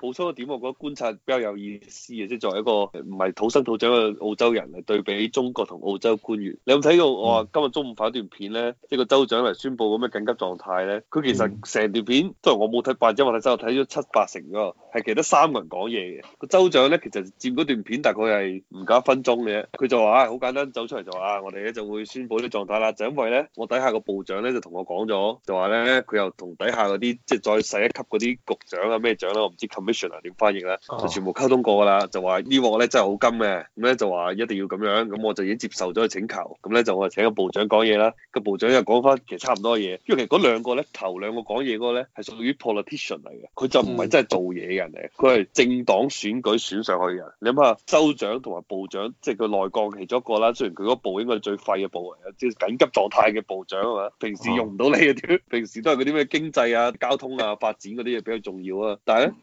補充一點，我覺得觀察比較有意思嘅，即係作為一個唔係土生土長嘅澳洲人嚟對比中國同澳洲官員。你有冇睇過我話今日中午發一段片咧？即係個州長嚟宣佈咁嘅緊急狀態咧。佢其實成段片都係我冇睇八成，我睇咗七八成喎。係得三個人講嘢嘅。個州長咧其實佔嗰段片大概係唔夠一分鐘嘅。佢就話啊，好簡單走出嚟就話我哋咧就會宣佈啲狀態啦，就因為咧我底下個部長咧就同我講咗，就話咧佢又同底下嗰啲即係再細一級嗰啲局長啊咩長啦、啊，我唔知。點翻譯咧就全部溝通過噶啦，就話呢鑊咧真係好金嘅，咁咧就話一定要咁樣，咁我就已經接受咗個請求，咁咧就我請個部長講嘢啦，個部長又講翻其實差唔多嘢，因為其實嗰兩個咧頭兩個講嘢嗰個咧係屬於 politician 嚟嘅，佢就唔係真係做嘢嘅人嚟，佢係、mm. 政黨選舉選上去嘅人。你諗下州長同埋部長，即係佢內閣其中一個啦，雖然佢嗰部應該係最廢嘅部嚟，即係緊急狀態嘅部長啊嘛，平時用唔到你啊，啲，平時都係嗰啲咩經濟啊、交通啊、發展嗰啲嘢比較重要啊，但係咧。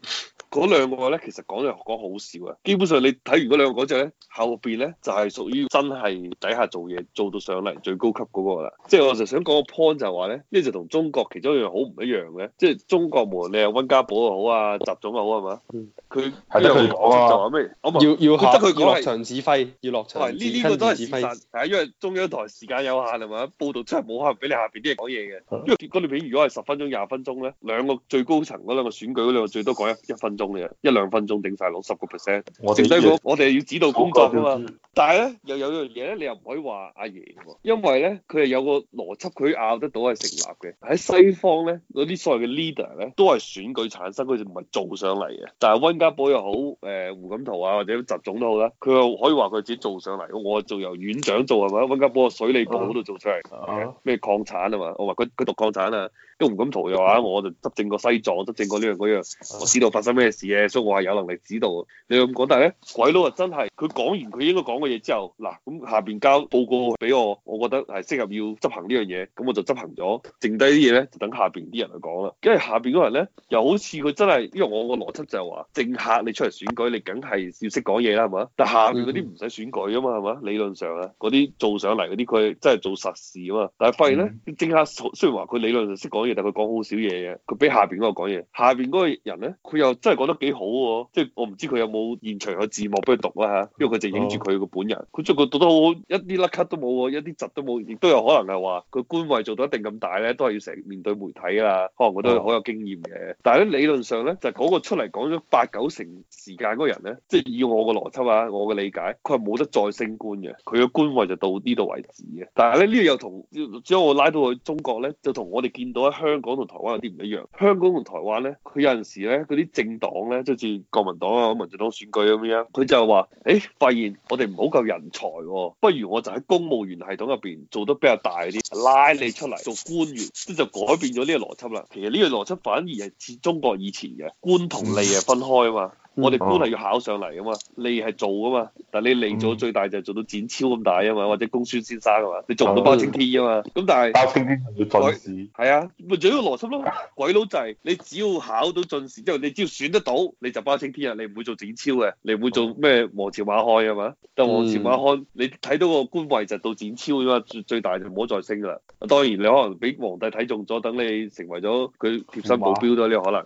嗰兩個咧，其實講就講好少啊。基本上你睇完嗰兩個講後咧，後邊咧就係、是、屬於真係底下做嘢做到上嚟最高級嗰個啦。即係我就想講個 point 就係話咧，呢、這個、就同中國其中一樣好唔一樣嘅，即係中國門你有温家寶又好啊，習總又好係、啊、嘛？嗯，佢係得佢講啊嘛。我唔問要他他要得佢講係要落場指揮，要落場指揮呢呢度都係事實。係因為中央台時間有限係嘛？報道真係冇可能俾你下邊啲人講嘢嘅。嗯、因為結果譬如如果係十分鐘、廿分鐘咧，兩個最高層嗰兩個選舉嗰兩個最多講一一分分鐘嘅一兩分鐘，頂晒攞十個 percent，剩低我哋要指導工作啊嘛。但係咧又有樣嘢咧，你又唔可以話阿爺，因為咧佢係有個邏輯，佢拗得到係成立嘅。喺西方咧，嗰啲所謂嘅 leader 咧都係選舉產生，佢就唔係做上嚟嘅。但係温家寶又好，誒、呃、胡錦濤啊或者習總都好啦，佢又可以話佢自己做上嚟。我做由院長做係咪？温家寶喺水利局嗰度做出嚟，咩礦產啊嘛？我話佢佢讀礦產啊。都唔敢逃嘅話，我就執政過西藏，執政過呢樣嗰樣，我知道發生咩事嘅，所以我係有能力指導。你咁講，但係咧，鬼佬啊，真係佢講完佢應該講嘅嘢之後，嗱咁下邊交報告俾我，我覺得係適合要執行呢樣嘢，咁我就執行咗，剩低啲嘢咧就等下邊啲人去講啦。因為下邊嗰人咧又好似佢真係，因為我個邏輯就係話政客你出嚟選舉，你梗係要識講嘢啦，係嘛？但下邊嗰啲唔使選舉啊嘛，係嘛？理論上啊，嗰啲做上嚟嗰啲佢真係做實事啊嘛。但係發現咧，政客雖然話佢理論上識講。佢講好少嘢嘅，佢俾下邊嗰個講嘢。下邊嗰個人咧，佢又真係講得幾好喎。即係我唔知佢有冇現場有字幕畀佢讀啊嚇，因為佢淨影住佢個本人。佢仲個讀得好好，一啲甩咳都冇，一啲窒都冇，亦都有可能係話佢官位做到一定咁大咧，都係要成面對媒體啊。可能覺得好有經驗嘅。但喺理論上咧，就係嗰個出嚟講咗八九成時間嗰人咧，即係以我個邏輯啊，我嘅理解，佢係冇得再升官嘅，佢嘅官位就到呢度為止嘅。但係咧呢個又同只要我拉到去中國咧，就同我哋見到一。香港同台灣有啲唔一樣。香港同台灣呢，佢有陣時呢嗰啲政黨呢，即係似國民黨啊、民進黨選舉咁樣，佢就話：誒、欸、發現我哋唔好夠人才，哦，不如我就喺公務員系統入邊做得比較大啲，拉你出嚟做官員，即係就改變咗呢個邏輯啦。其實呢個邏輯反而係似中國以前嘅官同利係分開啊嘛。我哋官係要考上嚟噶嘛。嗯、你係做噶嘛，但係你嚟咗最大就係做到展昭咁大啊嘛，嗯、或者公孫先生啊嘛，你做唔到包青天啊嘛，咁、嗯、但係包青天係要進士，係啊，咪仲呢個邏輯咯。鬼佬就係你只要考到進士 之後，你只要選得到，你就包青天啊，你唔會做展昭嘅，你唔會做咩王朝馬漢啊嘛？但王朝馬漢，嗯、你睇到個官位就到展昭啫嘛，最最大就唔好再升啦。當然你可能俾皇帝睇中咗，等你成為咗佢貼身保鏢都係呢可能。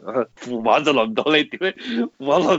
駙嗎 馬就輪唔到你，點 呢？駙馬。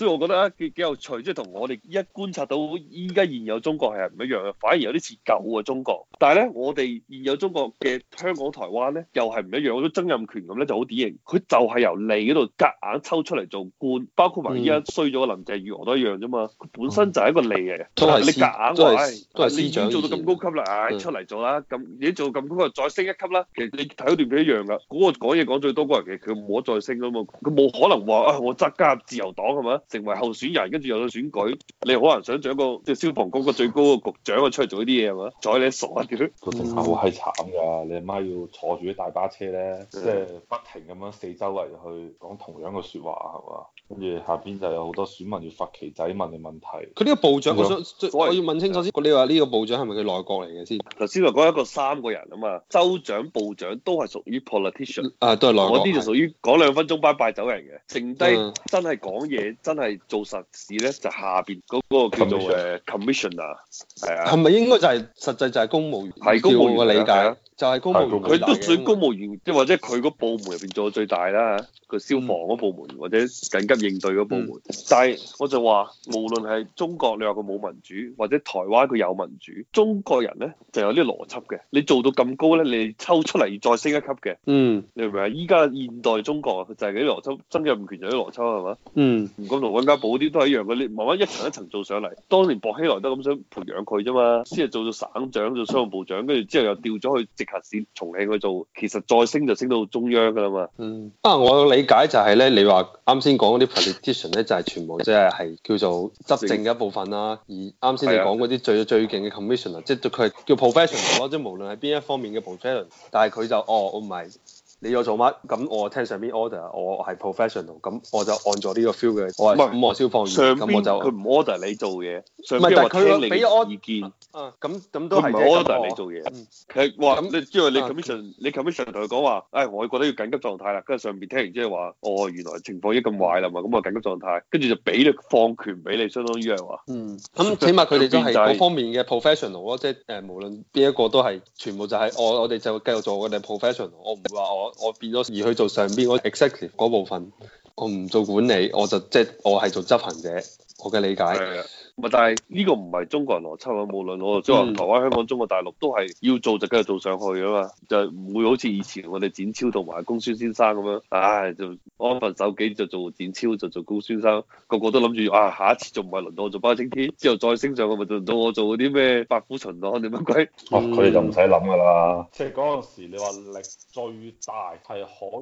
所以我覺得啊，幾有趣，即係同我哋一觀察到依家現有中國係唔一樣嘅，反而有啲似舊嘅中國。但係咧，我哋現有中國嘅香港、台灣咧，又係唔一樣。好似曾蔭權咁咧就好典型，佢就係由吏嗰度夾硬抽出嚟做官，包括埋依家衰咗嘅林鄭月娥都一樣啫嘛。佢本身就係一個吏嚟嘅，都係你夾硬話，都係官做到咁高級啦，唉、嗯，出嚟做啦，咁而家做到咁高級，再升一級啦。其實你睇嗰段片一樣噶，嗰、嗰個講嘢講最多嗰人，其實佢冇得再升啊嘛，佢冇可能話啊、哎，我即加入自由黨係咪？成為候選人，跟住又有選舉，你可能想做一個即消防局個最高嘅局長是是啊，出嚟做呢啲嘢係嘛？睬你傻啲啊屌！好閪慘㗎，你阿媽要坐住啲大巴車咧，即係是的 不停咁樣四周圍去講同樣嘅説話係嘛？跟住下邊就有好多選民要發旗仔問你問題。佢呢個部長，吧我想我要問清楚先。你話呢個部長係咪佢內閣嚟嘅先？頭先話講一個三個人啊嘛，州長、部長都係屬於 politician，啊都係內閣嗰啲就屬於講兩分鐘班拜走人嘅，剩低真係講嘢、真係做實事咧，就下邊嗰個叫做誒 commissioner 啊。係咪 Commission、er, uh, er, 應該就係、係、實際就係公務員？係的公務員嘅理解。就係公務員，佢都算公務員，即或者佢個部門入邊做最大啦，佢消防嗰部門、嗯、或者緊急應對嗰部門。嗯、但係我就話，無論係中國你話佢冇民主，或者台灣佢有民主，中國人咧就有啲邏輯嘅。你做到咁高咧，你抽出嚟再升一級嘅。嗯，你明唔明啊？依家現代中國佢就係嗰啲邏輯，增任權就啲邏輯係嘛？是吧，嗯，唔講溫家寶啲都係一樣嗰啲，慢慢一層一層做上嚟。當年薄熙來都咁想培養佢啫嘛，先係做到省長，做商務部長，跟住之後又調咗去直。先重慶去做，其實再升就升到中央噶啦嘛。嗯，啊，我理解就係、是、咧，你話啱先講嗰啲 politician 咧，就係全部即係係叫做執政嘅一部分啦。 而啱先你講嗰啲最 最勁嘅 commissioner，即係佢係叫 professional 咯，即 係無論係邊一方面嘅 professional，但係佢就哦，我唔係。你我做乜？咁我聽上邊 order，我係 professional，咁我就按咗呢個 feel 嘅。我係五河消防員，咁上面 我就佢唔 order 你做嘢。佢俾咗意見。啊，咁咁都係。佢唔 order 你做嘢。佢話：，你之後你 commission，你 commission 同佢講話，誒，我覺得、嗯嗯嗯就是欸就是、要緊急狀態啦。跟住上邊聽完之後話，哦，原來情況已經咁壞啦，咁啊緊急狀態。跟住就俾你放權俾你，相當於係話。嗯，咁起碼佢哋都係嗰方面嘅 professional 咯，即係誒，無論邊一個都係，全部就係我我哋就繼續做我哋 professional，我唔會話我。我變咗而去做上邊嗰 executive 嗰部分，我唔做管理，我就即係、就是、我係做執行者，我嘅理解。但係呢個唔係中國人邏輯啊。無論我即係話台灣、嗯、香港、中國大陸都係要做就梗係做上去啊嘛，就唔會好似以前我哋展昭同埋公孫先生咁樣，唉、哎、就安分守己就做展昭就做公孫先生，個個都諗住啊下一次仲唔係輪到我做包青天？之後再升上去咪就輪到我做嗰啲咩八府巡按定乜鬼？哦、嗯，佢哋、啊、就唔使諗㗎啦。即係嗰陣時，你話力最大係可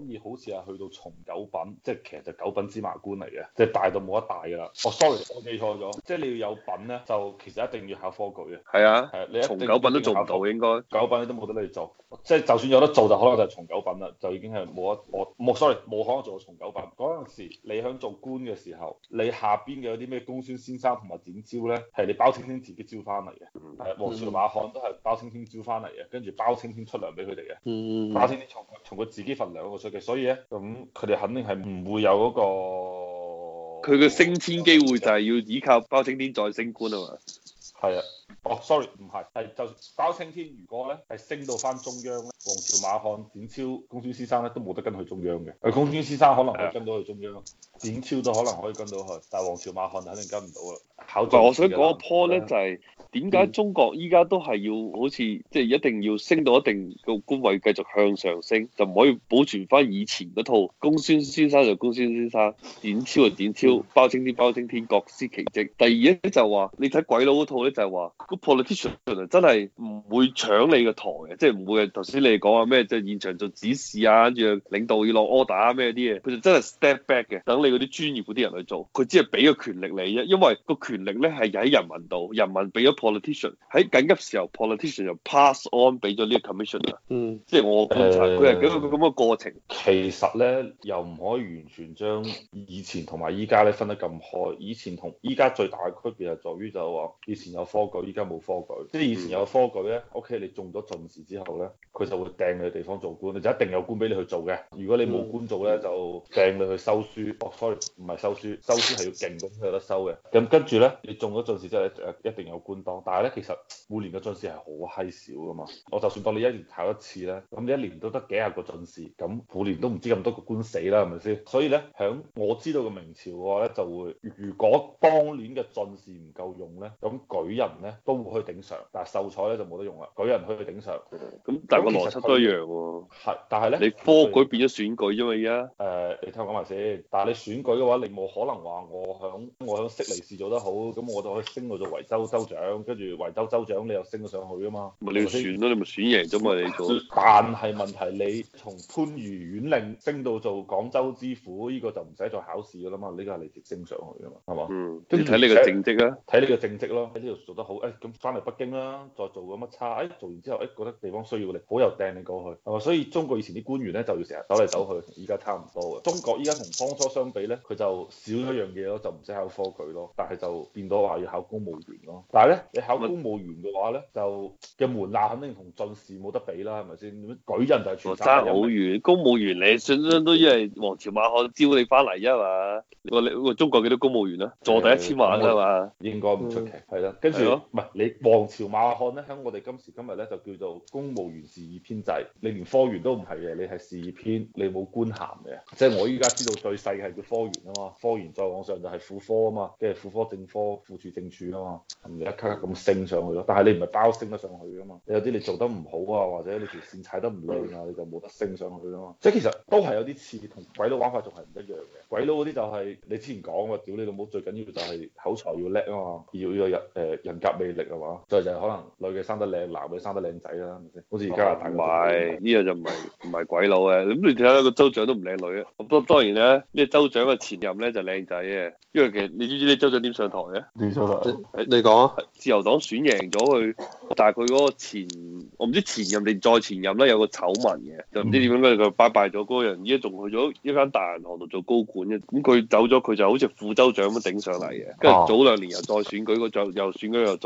以好似係去到從九品，即、就、係、是、其實就九品芝麻官嚟嘅，即、就、係、是、大到冇得大㗎啦。哦，sorry，我記錯咗，即、就、係、是、你要有。九品咧，就其實一定要考科舉嘅。係啊，係、啊、你一從九品都做唔到，科應該九品你都冇得你做。即係就算有得做，就可能就係從九品啦，就已經係冇一冇，冇 sorry，冇可能做到從九品。嗰陣時你喺做官嘅時候，你下邊嘅嗰啲咩公孫先生同埋展昭咧，係你包青天自己招翻嚟嘅。係啊、嗯，王朝馬漢都係包青天招翻嚟嘅，跟住包青天出糧俾佢哋嘅。嗯，包青天從佢自己份糧嗰個出嘅，所以咧咁佢哋肯定係唔會有嗰、那個。佢嘅升遷機會就係要依靠包青天再升官啊嘛，係啊。哦、oh，sorry，唔係，係就包青天。如果咧係升到翻中央咧，王朝、馬漢、展昭、公孫先生咧都冇得跟去中央嘅。啊，公孫先生可能係跟到去中央，的展昭都可能可以跟到去，但係王朝、馬漢肯定跟唔到啦。我想講個 point 咧，就係點解中國依家都係要好似即係一定要升到一定個官位，繼續向上升，就唔可以保存翻以前嗰套公孫先生就公孫先生，展昭就展昭，包青天包青天，各司其職。第二咧就話，你睇鬼佬嗰套咧就係話。個 politician 真係唔會搶你個台嘅，即係唔會頭先你講話咩，即係現場做指示啊，跟住領導要落 order 啊咩啲嘢，佢就真係 step back 嘅，等你嗰啲專業嗰啲人去做，佢只係俾個權力你啫。因為個權力咧係喺人民度，人民俾咗 politician 喺緊急時候，politician 就 pass on 俾咗呢個 commissioner 啊。即係我觀察佢係幾個咁嘅過程、嗯呃。其實咧又唔可以完全將以前同埋依家咧分得咁開。以前同依家最大嘅區別係在於就話以前有科舉。而家冇科舉，即係以前有科舉咧。OK，你中咗進士之後咧，佢就會掟你去地方做官，你就一定有官俾你去做嘅。如果你冇官做咧，就掟你去收書。哦，oh，sorry，唔係收書，收書係要勁咁佢有得收嘅。咁跟住咧，你中咗進士之後一定有官當。但係咧，其實每年嘅進士係好閪少噶嘛。我就算當你一年考一次咧，咁你一年都得幾廿個進士，咁每年都唔知咁多個官死啦，係咪先？所以咧，喺我知道嘅明朝嘅話咧，就會如果當年嘅進士唔夠用咧，咁舉人咧。都會去頂上，但係秀才咧就冇得用啦。舉人去去頂上，咁但係個邏輯都一樣喎。但係咧、啊呃，你科舉變咗選舉啫嘛？而家誒，你聽我講埋先。但係你選舉嘅話，你冇可能話我響我響悉尼市做得好，咁我就可以升到做維州州長，跟住維州州長你又升咗上去啊嘛。你選咯、啊，你咪選贏咗嘛，你做。但係問題，你從番禺縣令升到做廣州知府，呢、呢個就唔使再考試噶啦嘛。呢、呢個係直升上去啊嘛，係嘛？嗯，跟住睇你嘅政績啊，睇你嘅政績咯，喺呢度做得好。咁翻嚟北京啦，再做個乜差？誒、哎、做完之後，誒、哎、覺得地方需要你，好有掟你過去。係嘛？所以中國以前啲官員咧就要成日走嚟走去，依家差唔多。中國依家同當初相比咧，佢就少一樣嘢咯，就唔使考科舉咯，但係就變到話要考公務員咯。但係咧，你考公務員嘅話咧，就嘅門檻肯定同進士冇得比啦，係咪先？舉人就係全省嘅人。差好遠，公務員你算都都因為王朝馬漢招你翻嚟啫嘛。你話中國幾多公務員啊？坐第一千萬啦嘛。應該唔出奇，係咯。跟住咯。你王朝馬漢咧，喺我哋今時今日咧就叫做公務員事業編制，你連科員都唔係嘅，你係事業編，你冇官銜嘅，即係我依家知道最細係叫科員啊嘛，科員再往上就係副科啊嘛，即係副科、正科、副處、正處啊嘛，你一級級咁升上去咯。但係你唔係包升得上去噶嘛？你有啲你做得唔好啊，或者你條線踩得唔靚啊，的你就冇得升上去啊嘛。即係其實都係有啲似同鬼佬玩法，仲係唔一樣嘅。鬼佬嗰啲就係、是、你之前講啊屌你老母最緊要就係口才要叻啊嘛，要要有誒人，人格魅力啊嘛，所以就可能女嘅生得靚，男嘅生得靚仔啦，好似加拿大咪呢、呢個就唔係唔係鬼佬嘅，咁你睇下個州長都唔靚女啊。咁當然咧，呢個州長嘅前任咧就靚仔嘅，因為其實你知唔知呢州長點上台嘅？點上台？你講啊！自由黨選贏咗佢，但係佢嗰個前我唔知前任定再前任咧有個醜聞嘅，就唔知點樣咧就拜拜咗嗰個人，而家仲去咗一間大銀行度做高管嘅。咁佢走咗，佢就好似副州長咁頂上嚟嘅。跟住、啊、早兩年又再選舉個就又選咗又